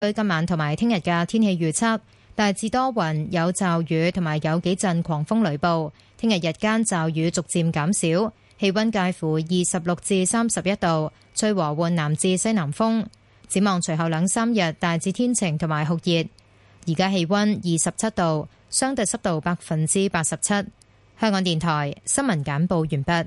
對今晚同埋聽日嘅天氣預測，大致多雲，有驟雨同埋有幾陣狂風雷暴。聽日日間驟雨逐漸減少，氣溫介乎二十六至三十一度，吹和緩南至西南風。展望隨後兩三日，大致天晴同埋酷熱。而家氣溫二十七度，相對濕度百分之八十七。香港電台新聞簡報完畢。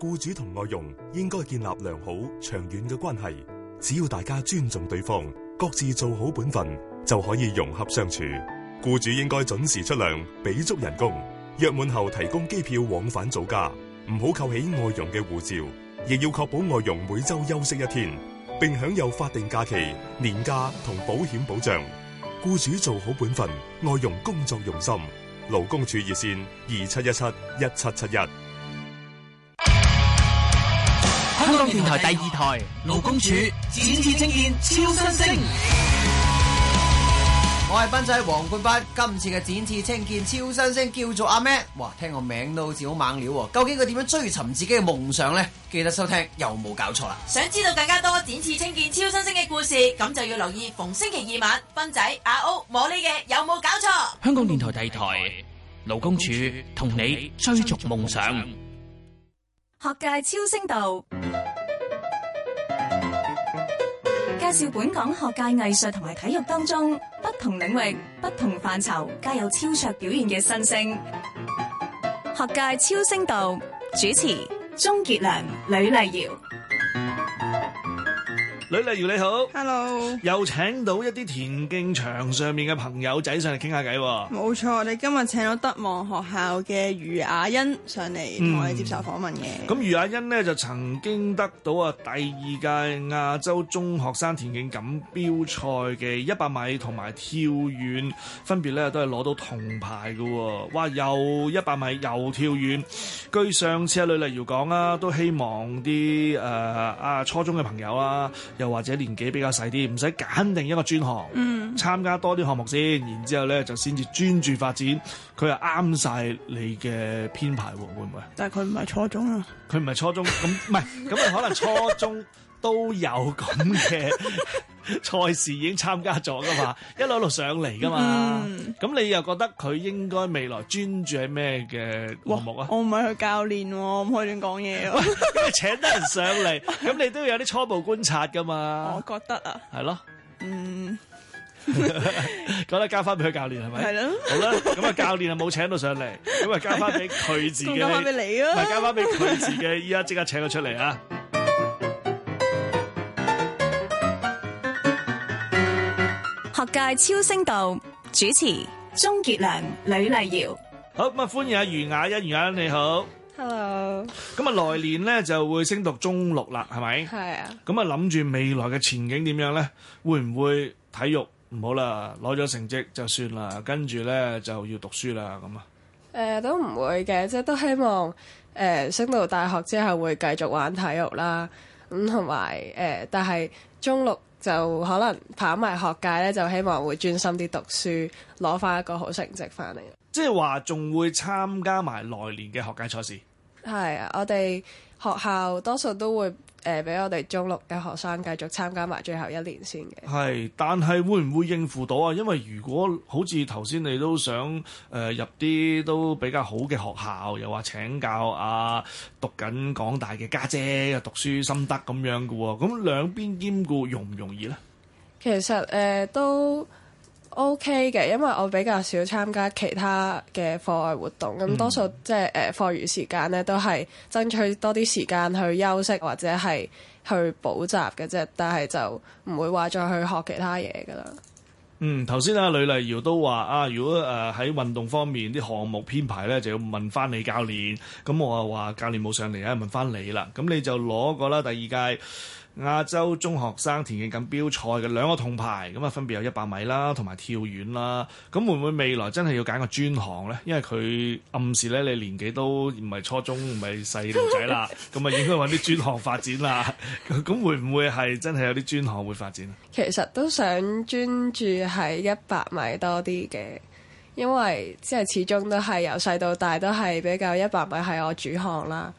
僱主同外傭應該建立良好長遠嘅關係，只要大家尊重對方，各自做好本分，就可以融合相處。僱主應該準時出糧，俾足人工，約滿後提供機票往返祖家，唔好扣起外傭嘅護照，亦要確保外傭每周休息一天，並享有法定假期、年假同保險保障。僱主做好本分，外傭工作用心。勞工處熱線二七一七一七七一。香港電台第二台勞工處展翅青見超新星，我係斌仔黃冠斌。今次嘅展翅青見超新星叫做阿咩？哇，聽個名都好似好猛料。究竟佢點樣追尋自己嘅夢想咧？記得收聽，又有冇搞錯啦？想知道更加多展翅青見超新星嘅故事，咁就要留意逢星期二晚斌仔阿歐摸呢嘅有冇搞錯？香港電台第二台勞工處同你追逐夢想。學界超聲道，介紹本港學界藝術同埋體育當中不同領域、不同範疇皆有超卓表現嘅新星。學界超聲道主持：鍾傑良、呂麗瑤。呂麗瑤你好，Hello，又請到一啲田徑場上面嘅朋友仔上嚟傾下偈。冇錯，我哋今日請咗德望學校嘅俞雅欣上嚟同我哋接受訪問嘅。咁、嗯、俞雅欣呢，就曾經得到啊第二屆亞洲中學生田徑錦標賽嘅一百米同埋跳遠，分別咧都係攞到銅牌噶。哇，又一百米又跳遠。據上次阿呂麗瑤講啦，都希望啲誒、呃、啊初中嘅朋友啊。又或者年紀比較細啲，唔使揀定一個專項，嗯、參加多啲項目先，然之後咧就先至專注發展。佢係啱晒你嘅編排喎，會唔會？但係佢唔係初中啊！佢唔係初中，咁唔係，咁啊 可能初中。 都有咁嘅賽事已經參加咗噶嘛，一路一路上嚟噶嘛，咁、嗯、你又覺得佢應該未來專注喺咩嘅項目啊？我唔係佢教練，唔可以亂講嘢。請得人上嚟，咁 你都要有啲初步觀察噶嘛？我覺得啊，係咯，嗯，咁咧 交翻俾佢教練係咪？係咯，的好啦，咁啊教練啊冇請到上嚟，咁啊交翻俾佢自己，交翻俾你咯、啊，唔係交翻俾佢自己，依家即刻請佢出嚟啊！學界超新星主持鍾傑良、呂麗瑤，好咁啊！歡迎阿俞雅欣余，俞雅欣你好，hello。咁啊，來年咧，就會升讀中六啦，係咪？係啊。咁啊，諗住未來嘅前景點樣咧？會唔會體育唔好啦？攞咗成績就算啦，跟住咧就要讀書啦，咁啊？誒、呃，都唔會嘅，即、就、係、是、都希望誒、呃，升到大學之後會繼續玩體育啦。咁同埋誒，但係中六。就可能跑埋學界呢，就希望會專心啲讀書，攞返一個好成績返嚟。即係話仲會參加埋來年嘅學界賽事？係啊，我哋學校多數都會。誒俾，呃、我哋中六嘅學生繼續參加埋最後一年先嘅。係，但係會唔會應付到啊？因為如果好似頭先你都想誒、呃、入啲都比較好嘅學校，又話請教啊讀緊港大嘅家姐嘅讀書心得咁樣嘅喎，咁兩邊兼顧容唔容易呢？其實誒、呃、都。O K 嘅，因為我比較少參加其他嘅課外活動，咁、嗯、多數即係誒課餘時間呢，都係爭取多啲時間去休息或者係去補習嘅啫，但係就唔會話再去學其他嘢噶啦。嗯，頭先阿呂麗瑤都話啊，如果誒喺、呃、運動方面啲項目編排呢，就要問翻你教練。咁我啊話教練冇上嚟啊，問翻你啦。咁你就攞個啦，第二屆。亞洲中學生田徑錦標賽嘅兩個銅牌，咁啊分別有一百米啦，同埋跳遠啦。咁會唔會未來真係要揀個專項呢？因為佢暗示咧，你年紀都唔係初中，唔係細路仔啦，咁啊 應該揾啲專項發展啦。咁會唔會係真係有啲專項會發展？其實都想專注喺一百米多啲嘅，因為即係始終都係由細到大都係比較一百米係我主項啦。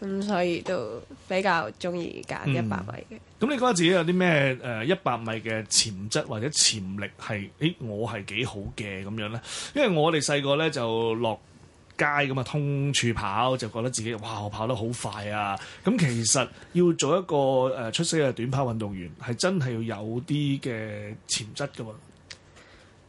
咁所以都比較中意揀一百米嘅。咁、嗯、你覺得自己有啲咩誒，一百米嘅潛質或者潛力係誒，我係幾好嘅咁樣咧？因為我哋細個咧就落街咁啊，通處跑就覺得自己哇，我跑得好快啊！咁其實要做一個誒出色嘅短跑運動員係真係要有啲嘅潛質噶嘛。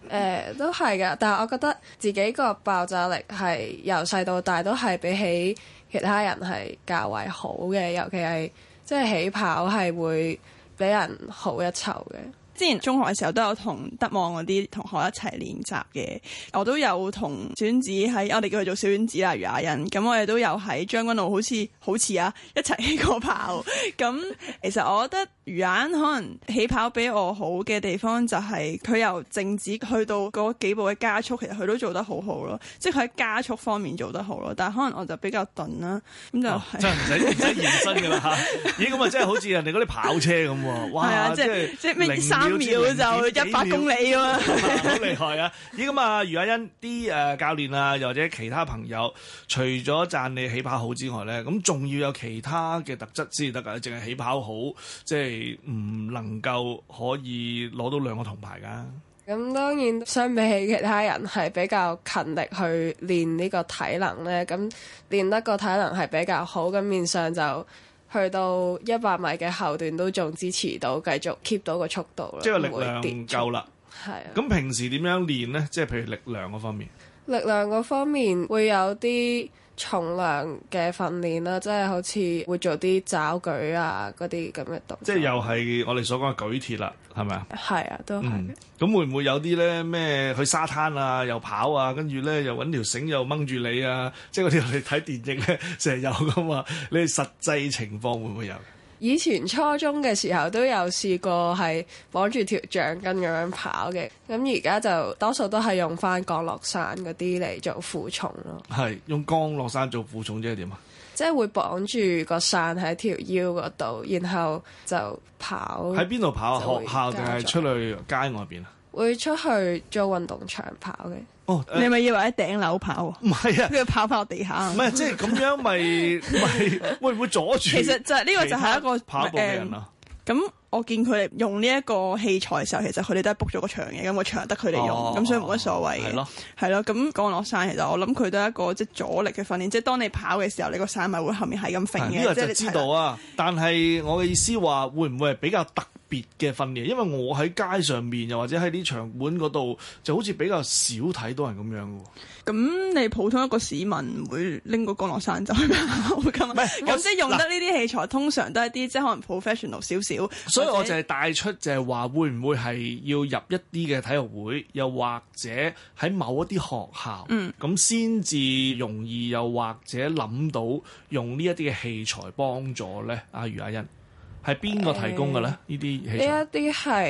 誒、呃、都係㗎，但係我覺得自己個爆炸力係由細到大都係比起其他人係較為好嘅，尤其係即係起跑係會比人好一籌嘅。之前中學嘅時候都有同德望嗰啲同學一齊練習嘅，我都有同小丸子喺我哋叫佢做小丸子啦，俞雅欣。咁我哋都有喺將軍澳好，好似好似啊一齊起，起過跑。咁 其實我覺得俞雅可能起跑比我好嘅地方就係佢由靜止去到嗰幾步嘅加速，其實佢都做得好好咯。即係佢喺加速方面做得好咯，但係可能我就比較鈍啦。咁就、哦、真係唔使唔使延伸㗎啦咦，咁啊 真係、 哎、好似人哋嗰啲跑車咁喎。哇， 即係即係咩三？一秒，秒就一百公里啊嘛！好厲害啊！咦咁啊，俞雅欣啲誒教練啊，或者其他朋友，除咗讚你起跑好之外咧，咁仲要有其他嘅特質先得噶，淨係起跑好，即係唔能夠可以攞到兩個銅牌噶。咁當然，相比起其他人係比較勤力，去練呢個體能咧，咁練得個體能係比較好，咁面上就。去到一百米嘅後段都仲支持到，繼續 keep 到個速度啦。即係力量,力量夠啦。係啊。咁平時點樣練呢？即係譬如力量嗰方面。力量嗰方面會有啲。重量嘅訓練啦，即係好似會做啲抓舉啊嗰啲咁嘅動作。即係又係我哋所講嘅舉鐵啦，係咪啊？係啊，都係。咁、嗯、會唔會有啲咧咩？去沙灘啊，又跑啊，跟住咧又揾條繩又掹住你啊！即係嗰啲我哋睇電影咧成日有噶嘛？你實際情況會唔會有？以前初中嘅時候都有試過係綁住條橡筋咁樣跑嘅，咁而家就多數都係用翻降落傘嗰啲嚟做負重咯。係用降落傘做負重即係點啊？即係會綁住個傘喺條腰嗰度，然後就跑。喺邊度跑啊？學校定係出去街外邊啊？會出去做運動場跑嘅。Oh, uh, 你咪以為喺頂樓跑？唔係啊，佢跑跑地下。唔係、啊，即係咁樣咪，咪喂 會唔會阻住。其實就係呢個，就係一個跑步嘅人咁、啊嗯、我見佢哋用呢一個器材嘅時候，其實佢哋都係 book 咗個場嘅，咁、那個場得佢哋用，咁、哦、所以冇乜所謂。係咯的，係咯。咁降落傘其實我諗佢都係一個即係、就是、阻力嘅訓練，即係當你跑嘅時候，你個傘咪會後面係咁揈嘅。即、這個就知道啊！的但係我嘅意思話，會唔會係比較特別嘅訓練，因為我喺街上面，又或者喺啲場館嗰度，就好似比較少睇到人咁樣喎。咁你普通一個市民會拎個降落傘走咩？咁 是即係用得呢啲器材，喇通常都係啲即係可能 professional 少少。所以我就係帶出就係話，會唔會係要入一啲嘅體育會，又或者喺某一啲學校，嗯，咁先至容易，又或者諗到用呢一啲嘅器材幫助咧？啊、俞雅欣。係邊個提供嘅咧？呢啲呢一啲係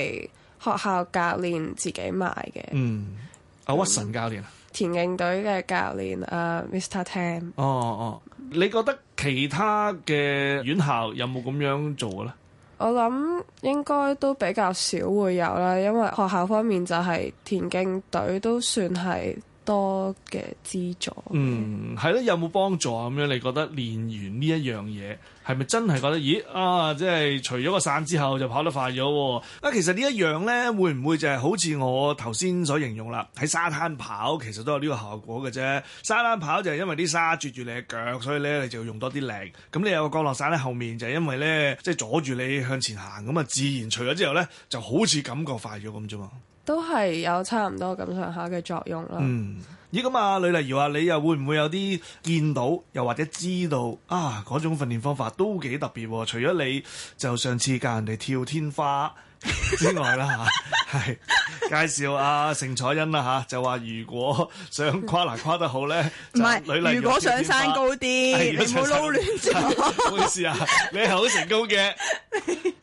學校教練自己買嘅。嗯，阿屈臣教練啊、嗯，田徑隊嘅教練，誒、uh，Mr. Tam。哦哦，你覺得其他嘅院校有冇咁樣做嘅咧？我諗應該都比較少會有啦，因為學校方面就係田徑隊都算係多嘅資助。嗯，係咯，有冇幫助啊？咁樣你覺得練完呢一樣嘢？係咪真係覺得？咦啊！即係除咗個傘之後就跑得快咗？啊，其實呢一樣呢，會唔會就係、是、好似我頭先所形容啦？喺沙灘跑其實都有呢個效果嘅啫。沙灘跑就係因為啲沙啜住你嘅腳，所以呢，你就用多啲力。咁你有個降落傘喺後面就是、因為呢，即、就、係、是、阻住你向前行，咁啊自然除咗之後呢，就好似感覺快咗咁啫嘛。都係有差唔多咁上下嘅作用啦。嗯。咦咁啊，欸、呂麗瑤啊，你又會唔會有啲見到，又或者知道啊嗰種訓練方法都幾特別喎？除咗你就上次教人哋跳天花之外啦吓，係 介紹阿盛彩欣啦吓，就話如果想跨欄跨得好咧，唔係，如果想生高啲，你唔好撈亂咗、啊。唔好意思啊，你係好成功嘅，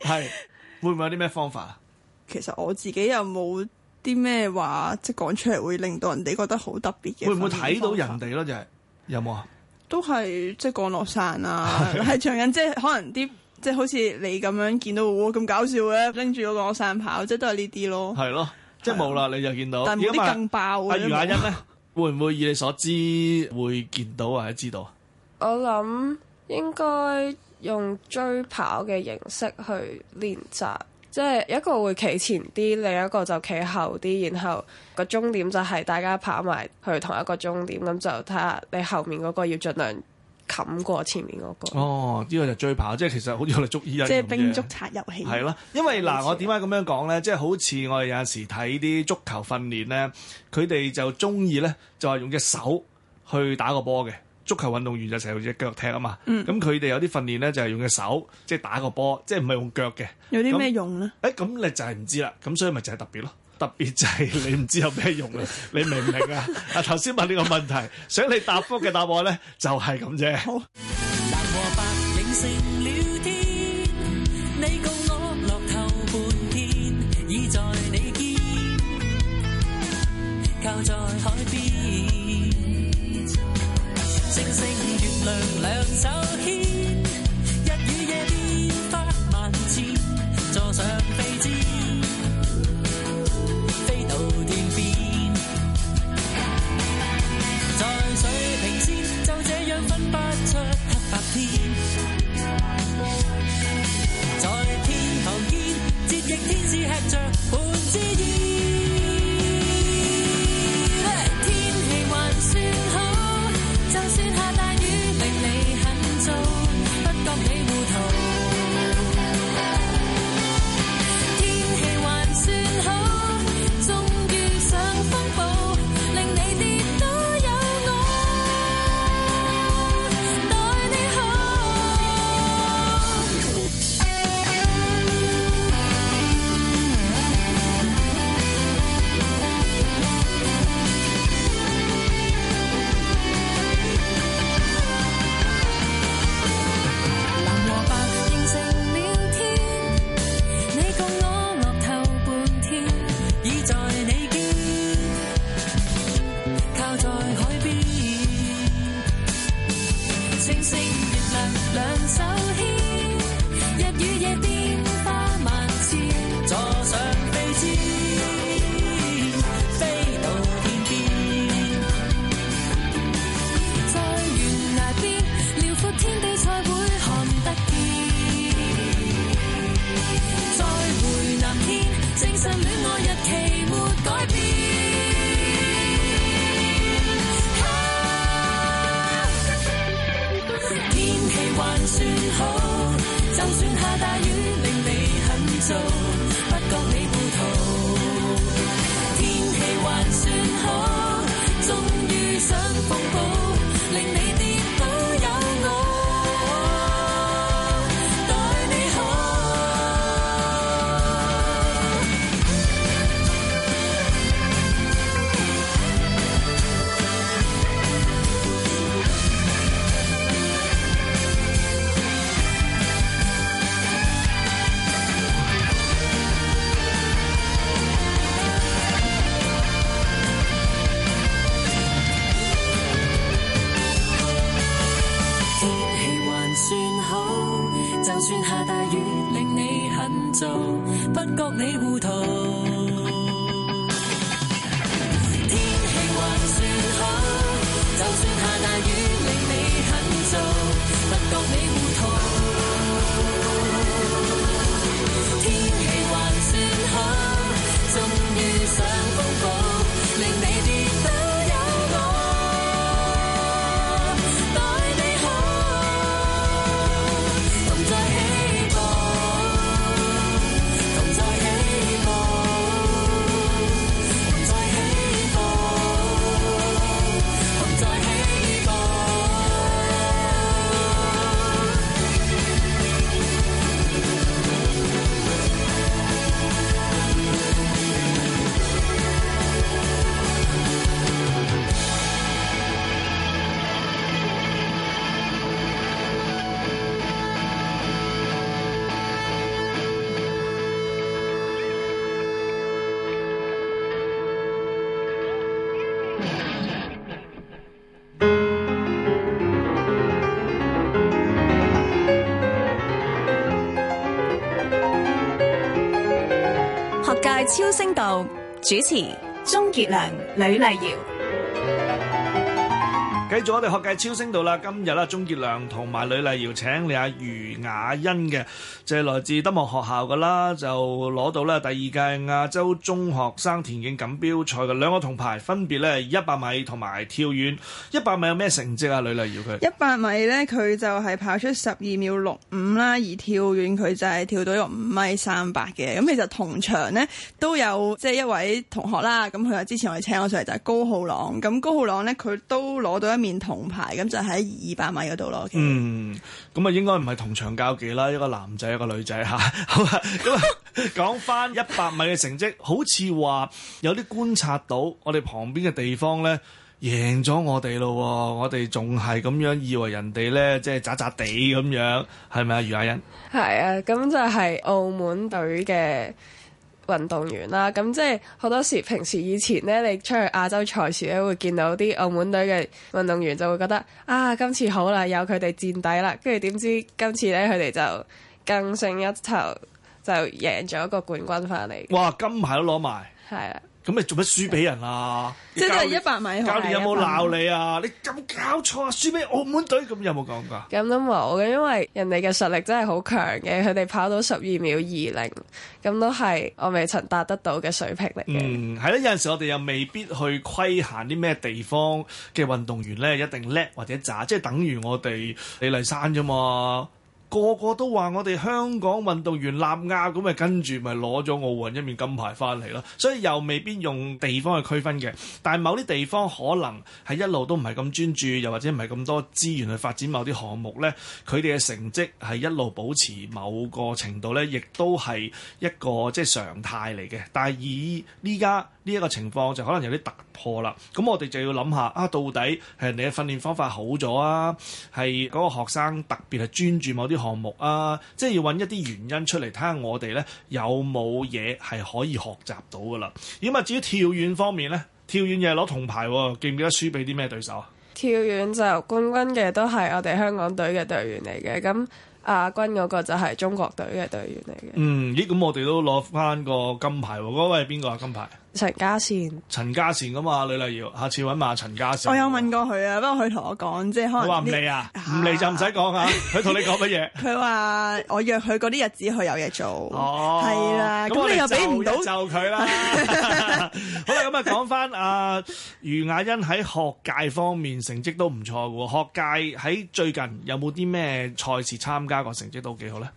係 會唔會有啲咩方法啊？其實我自己又冇。啲咩話？即係講出嚟會令到人哋覺得好特別嘅，會唔會睇到人哋咯？就係有冇啊？都係即係降落傘啊，係長引即係可能啲即係好似你咁樣見到，哇咁搞笑嘅，拎住嗰個傘跑，即係都係呢啲咯的。係咯的，即係冇啦，你就見到。但有啲更爆啊！沒俞雅欣咧， 會唔會以你所知會見到或者知道？我諗應該用追跑嘅形式去練習。即係一個會企前啲，另一個就企後啲，然後個終點就係大家跑埋去同一個終點，咁就睇下你後面嗰個要盡量冚過前面嗰個。哦，呢個就追跑，即係其實好似我哋捉伊人即係兵捉賊遊戲。係咯，因為嗱像，我點解咁樣講呢？即係好似我哋有陣時睇啲足球訓練呢，佢哋就中意呢，就係用隻手去打個波嘅。足球運動員就成日用隻腳踢啊嘛，咁佢哋有啲訓練咧，就係用隻手，即係打個波，即係唔係用腳嘅。有啲咩用咧？誒，咁你就係唔知啦，咁所以咪就係特別咯，特別就係你唔知有咩用咧， 你明唔明 啊？啊，頭先問呢個問題， 想你答覆嘅答案咧就係咁啫。了天好，白白領天，你共我落，落頭半天已在你肩。靠在海邊超聲道主持：鍾傑良、呂麗瑤。繼續我哋學界超新星啦，今日啦，鍾傑良同埋呂麗瑤請你阿俞雅欣嘅，就係、是、來自德望學校嘅啦，就攞到咧第二屆亞洲中學生田徑錦標賽嘅兩個銅牌，分別咧一百米同埋跳遠一百米有咩成績啊？呂麗瑤佢一百米咧，佢就係跑出十二秒六五啦，而跳遠佢就係跳到一個五米三百嘅。咁其實同場咧都有即係、就是、一位同學啦，咁佢話之前我哋請我上嚟就係高浩朗，咁高浩朗咧佢都攞到一。一面銅牌咁就喺二百米嗰度咯。Okay? 嗯，咁啊，應該唔係同場競技啦，一個男仔一個女仔吓。 好啦，咁講翻一百米嘅成績， 好似話有啲觀察到我哋旁邊嘅地方呢贏咗我哋咯，哦。我哋仲係咁樣以為人哋呢，即係渣渣地咁樣，係咪啊？俞雅欣係啊，咁就係澳門隊嘅運動員啦，咁即係好多時平時以前呢，你出去亞洲賽事咧，會見到啲澳門隊嘅運動員，就會覺得啊，今次好啦，有佢哋墊底啦，跟住點知今次呢，佢哋就更勝一籌，就贏咗一個冠軍翻嚟。哇！金牌都攞埋。係啊。咁咪做乜輸俾人啊？即係都係一百米，教練你有冇鬧你啊？你咁搞錯啊，輸俾澳門隊，咁有冇講㗎？咁都冇嘅，因為人哋嘅實力真係好強嘅，佢哋跑到十二秒二零，咁都係我未曾達得到嘅水平嚟嘅。嗯，係啦，有陣時我哋又未必去規限啲咩地方嘅運動員咧，一定叻或者渣，即係等於我哋李麗珊啫嘛。個個都話我哋香港運動員立亞咁，咪跟住咪攞咗奧運一面金牌返嚟咯。所以又未必用地方去區分嘅。但係某啲地方可能係一路都唔係咁專注，又或者唔係咁多資源去發展某啲項目呢，佢哋嘅成績係一路保持某個程度呢，亦都係一個即係、就是、常態嚟嘅。但係以而家。呢一個情況就可能有啲突破啦，咁我哋就要諗下啊，到底係人哋嘅訓練方法好咗啊，係嗰個學生特別係專注某啲項目啊，即係要揾一啲原因出嚟睇下我哋呢有冇嘢係可以學習到噶啦。咦嘛，至於跳遠方面呢，跳遠又係攞銅牌喎，記唔記得輸俾啲咩對手啊？跳遠就冠軍嘅都係我哋香港隊嘅隊員嚟嘅，咁亞軍嗰個就係中國隊嘅隊員嚟嘅。嗯，咦咁我哋都攞翻個金牌喎，嗰位邊個啊金牌？陳家善，陳家善咁、啊、嘛？呂麗瑤，下次揾埋陳家善、啊。我有問過佢啊，不過佢同我講，即係可能。佢話唔嚟啊，唔嚟就唔使講啊。佢同、啊、 你講乜嘢？佢話我約佢嗰啲日子，佢有嘢做。哦，係、啊、啦。咁你又俾唔到就佢啦。好、呃、啦，咁啊講翻啊，俞雅欣喺學界方面成績都唔錯嘅喎。學界喺最近有冇啲咩賽事參加過？個成績都幾好咧。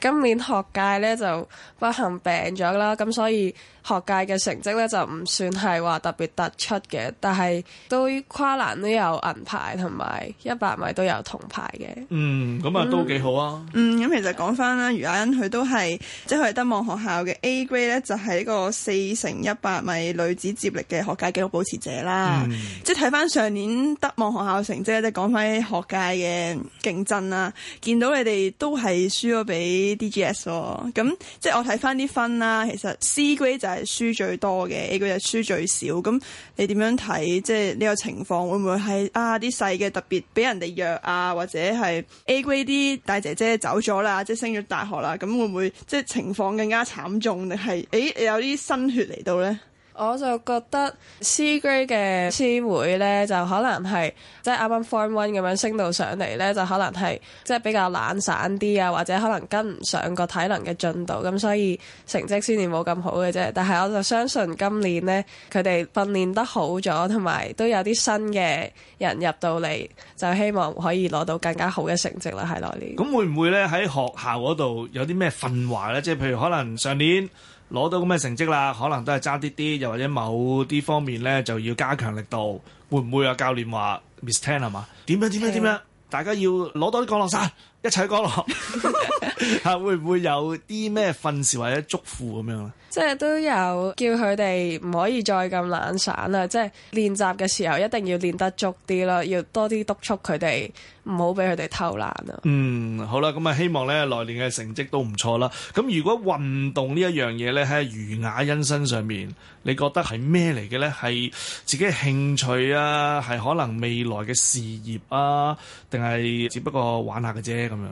今年學界咧就不幸病咗啦，咁所以學界嘅成績咧就唔算係話特別突出嘅，但係對跨欄都有銀牌，同埋一百米都有銅牌嘅、嗯啊嗯。嗯，咁啊都幾好啊。嗯，咁其實講翻啦，俞雅欣佢都係即佢係德望學校嘅 A grade 咧，就係一個四乘一百米女子接力嘅學界紀錄保持者啦。即係睇翻上年德望學校成績，即係講翻學界嘅競爭啦，見到你哋都係輸咗俾。D G S 咯、哦，咁即係我睇翻啲分啦。其實 C grade 就係輸最多嘅，A grade 就輸最少。咁你點樣睇？即係呢個情況會唔會係啊？啲細嘅特別俾人哋弱啊，或者係 A grade 啲大姐姐走咗啦，即係升咗大學啦。咁會唔會即係情況更加慘重？定係誒有啲新血嚟到咧？我就覺得 C grade 嘅師妹呢，就可能係即係啱啱 Form One 咁樣升到上嚟呢，就可能係即係比較懶散啲啊，或者可能跟唔上個體能嘅進度，咁所以成績先至冇咁好嘅啫。但係我就相信今年呢，佢哋訓練得好咗，同埋都有啲新嘅人入到嚟，就希望可以攞到更加好嘅成績啦。喺內年。咁會唔會呢？喺學校嗰度有啲咩分化呢？即係譬如可能上年。攞到咁嘅成績啦，可能都係差啲啲，又或者某啲方面咧就要加強力度，會唔會啊？教練話 Miss Ten 係嘛？點樣點、啊、樣點、啊、樣？的大家要攞多啲降落傘。一齊講落嚇， 會唔會有啲咩訓示或者祝福咁樣咧？即係都有叫佢哋唔可以再咁懶散啦，即係練習嘅時候一定要練得足啲啦，要多啲督促佢哋，唔好俾佢哋偷懶啊！嗯，好啦，咁啊，希望咧來年嘅成績都唔錯啦。咁如果運動呢一樣嘢咧喺俞雅欣身上面，你覺得係咩嚟嘅咧？係自己興趣啊，係可能未來嘅事業啊，定係只不過玩下嘅啫？咁樣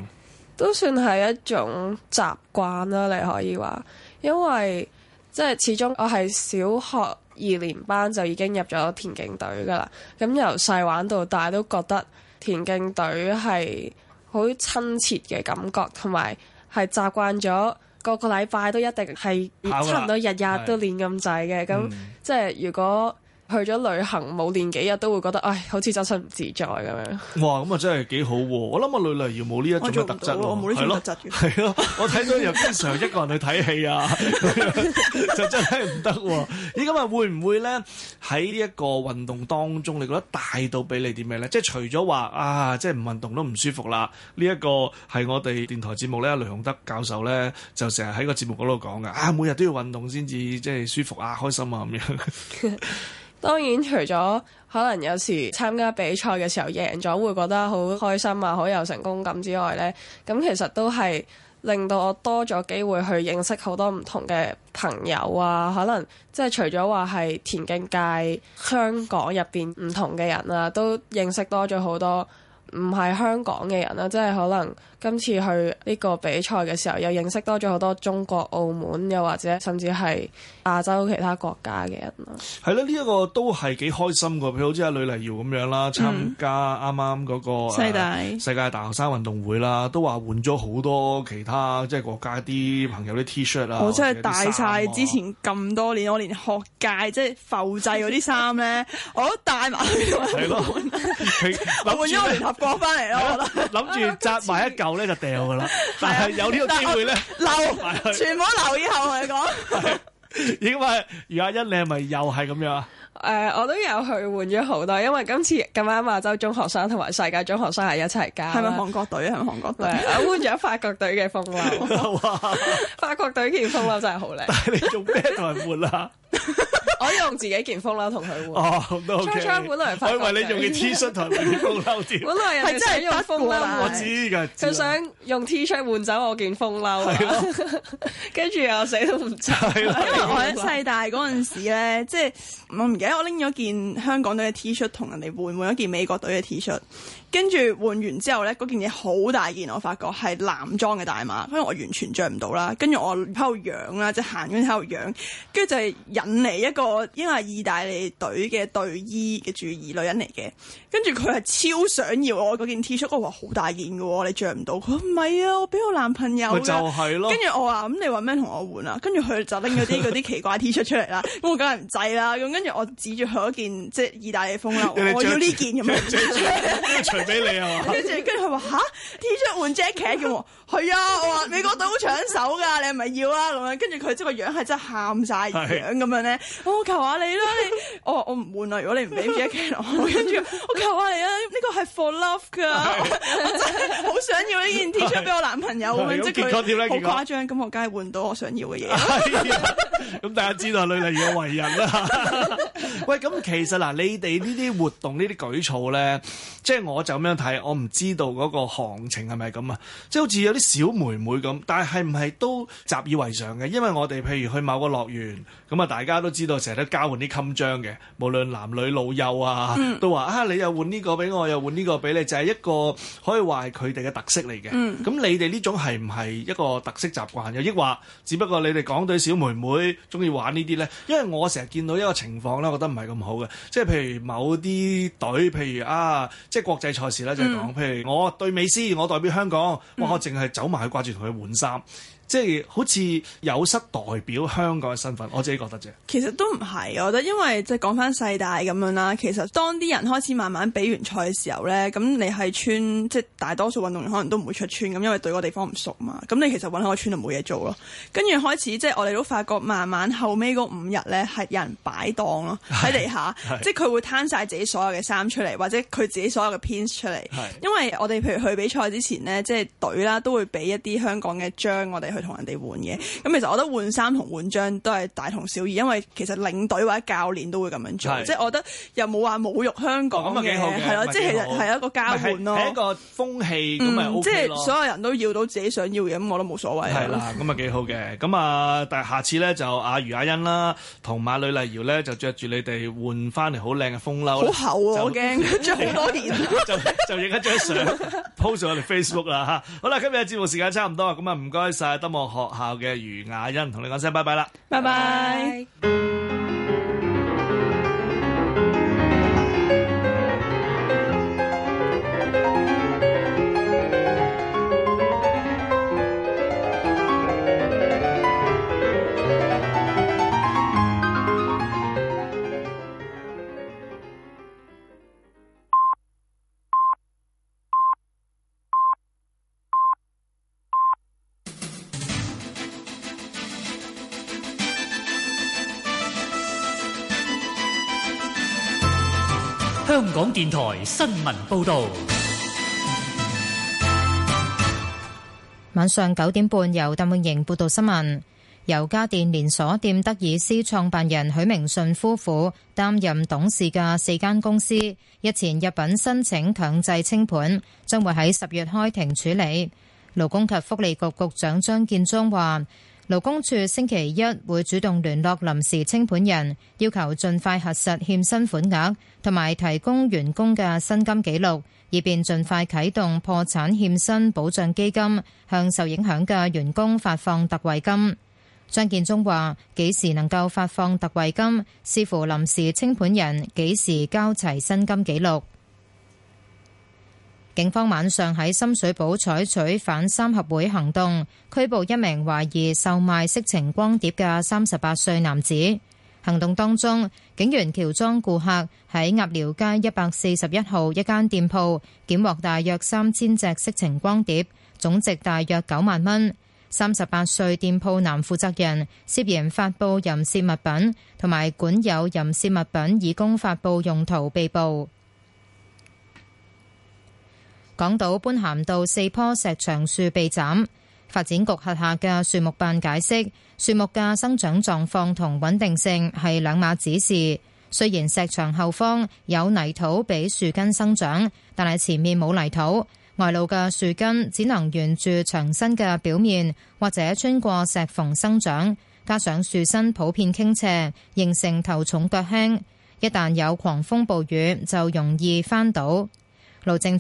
都算係一種習慣啦，你可以話，因為即係始終我係小學二年班就已經入咗田徑隊㗎喇，咁由細玩到大都覺得田徑隊係好親切嘅感覺，同埋係習慣咗個個禮拜都一定係差唔多日日都練咁滯嘅，咁即係如果去咗旅行冇練幾日都會覺得唉，好似周身唔自在咁樣。哇，咁啊真係幾好喎！我諗阿呂麗瑤冇呢一種嘅特質、啊，係、啊、咯，係 咯。我睇到又經常一個人去睇戲啊， 就真係唔得。咦，咁啊會唔會咧喺呢一個運動當中，你覺得大到俾你點咩咧？即係除咗話啊，即係唔運動都唔舒服啦。呢、這、一個係我哋電台節目咧，雷雄德教授咧就成日喺個節目嗰度講嘅。啊，每日都要運動先至即係舒服啊，開心啊咁樣。 當然，除咗可能有時參加比賽嘅時候贏咗會覺得好開心啊，好有成功感之外呢，咁其實都係令到我多咗機會去認識好多唔同嘅朋友啊。可能即係除咗話係田徑界香港入邊唔同嘅人啦，啊，都認識多咗好多。唔係香港嘅人啦，即係可能今次去呢個比賽嘅時候，又認識多咗好多中國、澳門，又或者甚至係亞洲其他國家嘅人啦。係咯，呢、這、一個都係幾開心嘅，譬如好似阿呂麗瑤咁樣啦，參加啱啱嗰個、嗯啊、世界大學生運動會啦，都話換咗好多其他即係國家啲朋友啲 T-shirt 啊。Shirt，我真係帶晒之前咁多年，我連學界即係浮製嗰啲衫咧，我都帶埋去。係咯。換咗聯合國，翻嚟咯，諗住紮埋一嚿咧就掉噶啦。但係有呢個機會咧，留全部留以後我講。已經係俞雅欣，你係咪又係咁樣啊？誒，我都有去換咗好多，因為今次咁啱亞洲中學生同埋世界中學生係一齊㗎，係咪韓國隊啊？韓國隊，我換咗法國隊嘅風褸。法國隊件風褸真係好靚。但係你做咩同人換啊？ 我用自己件風褸同佢換，昌昌、oh, okay. 本來發，我以為你用件 T 恤同風褸換， 本來係真係用風褸，我知噶，佢想用 T 恤換走我件風褸，跟住 的 又死都唔拆。因為我喺細大嗰陣時咧，即係我唔記得我拎咗件香港隊嘅 T 恤同人哋換，換一件美國隊嘅 T 恤，跟住換完之後咧，嗰件嘢好大件，我發覺係男裝嘅大碼，因為我完全着唔到啦。跟住我喺度養啦，即係行咗喺度養，跟住就係人。嚟一個應係意大利隊嘅隊衣嘅住二女人嚟嘅，跟住佢係超想要我嗰件 T 恤，我話好大件嘅，你着唔到。佢話唔係啊，a, 我俾我男朋友。就係咯。跟住我話咁，你話咩同我換啊？跟住佢就拎咗啲嗰啲奇怪 T 恤出嚟啦， 我梗係唔制啦。咁跟住我指住佢嗰件即係意大利風啦，我要呢件咁樣。除俾你係嘛？跟住跟住佢話吓 T 恤換 jacket 嘅？」t 我係啊，我話美國隊好搶手噶，你係咪要啊？咁樣跟住佢即係個樣係真係喊晒樣咁。咁樣咧，我求下你啦！你我我唔換啦，如果你唔俾住一件我，跟住 我求下你啊！呢、這個係 for love 噶，我真係好想要呢件 T 恤俾我男朋友咁樣，即係好誇張。咁果我梗係換到我想要嘅嘢，咁、 哎、大家知道女仔嘅為人啦。 喂，咁其實嗱，你哋呢啲活動、呢啲舉措咧，即、就、係、是、我就咁樣睇，我唔知道嗰個行情係咪咁啊！即、就、係、是、好似有啲小妹妹咁，但係係唔係都習以為常嘅？因為我哋譬如去某個樂園咁啊，大家都知道成日都交換啲襟章嘅，無論男女老幼啊，嗯、都話啊，你又換呢個俾我，又換呢個俾你，就係、是、一個可以話係佢哋嘅特色嚟嘅。咁、嗯、你哋呢種係唔係一個特色習慣？又抑或只不過你哋港隊小妹妹中意玩呢啲呢？因為我成日見到一個情況咧，覺得唔係咁好嘅，即係譬如某啲隊，譬如啊，即係國際賽事咧，就係講，譬如我對美斯，我代表香港，嗯、我淨係走埋去掛住同佢換衫。即係好似有失代表香港嘅身份，我自己覺得啫。其實都唔係，我覺得因為即係講翻世大咁樣啦。其實當啲人開始慢慢比完賽嘅時候咧，咁你係村即係大多數運動員可能都唔會出村咁，因為對個地方唔熟嘛。咁你其實揾喺個村就冇嘢做咯。跟住開始即係、就是、我哋都發覺慢慢後尾嗰五日咧係有人擺檔咯喺地下， 即係佢會攤晒自己所有嘅衫出嚟，或者佢自己所有嘅 pins 出嚟。 因為我哋譬如去比賽之前咧，即、就、係、是、隊啦都會俾一啲香港嘅章我哋去同人哋換嘅，咁其實我覺得換衫同換章都係大同小異，因為其實領隊或者教練都會咁樣做，即係我覺得又冇話侮辱香港，咁啊幾好嘅，係咯，即係其實係一個交換咯，係一個風氣咁咪 OK 咯，即係所有人都要到自己想要嘅，咁我都冇所謂。係啦，咁啊幾好嘅，咁啊，但係下次咧就阿俞阿欣啦，同馬女麗瑤咧就着住你哋換翻嚟好靚嘅風褸，好厚啊，我驚着好多年，就影一張相 post 咗我哋 Facebook 啦嚇。好啦，今日嘅節目時間差唔多啦，咁啊唔該晒。德望學校嘅俞雅欣同你講聲拜拜啦，拜拜。新聞報道。晚上九點半，由鄧詠瑩報道新聞。由家電連鎖店德爾斯創辦人許明信夫婦擔任董事嘅四間公司，日前入稟申請強制清盤，將會喺十月開庭處理。勞工及福利局局、局長張建宗話。勞工處星期一會主動聯絡臨時清盤人，要求盡快核實欠薪款額，同埋提供員工嘅薪金記錄，以便盡快啟動破產欠薪保障基金，向受影響嘅員工發放特惠金。張建宗話：幾時能夠發放特惠金，視乎臨時清盤人幾時交齊薪金記錄。警方晚上喺深水埗採取反三合會行動，拘捕一名懷疑售賣色情光碟嘅三十八歲男子。行動當中，警員喬裝顧客喺鴨寮街一百四十一號一間店鋪，檢獲大約三千隻色情光碟，總值大約九萬蚊。三十八歲店鋪男負責人涉嫌發佈淫褻物品，同埋管有淫褻物品以供發佈用途被捕。港島般咸道四棵石牆樹被斬，發展局轄下嘅樹木辦解釋，樹木嘅生長狀況同穩定性係兩碼子事。雖然石牆後方有泥土俾樹根生長，但係前面冇泥土，外露嘅樹根只能沿住牆身嘅表面或者穿過石縫生長。加上樹身普遍傾斜，形成頭重腳輕，一旦有狂風暴雨，就容易翻倒。路政。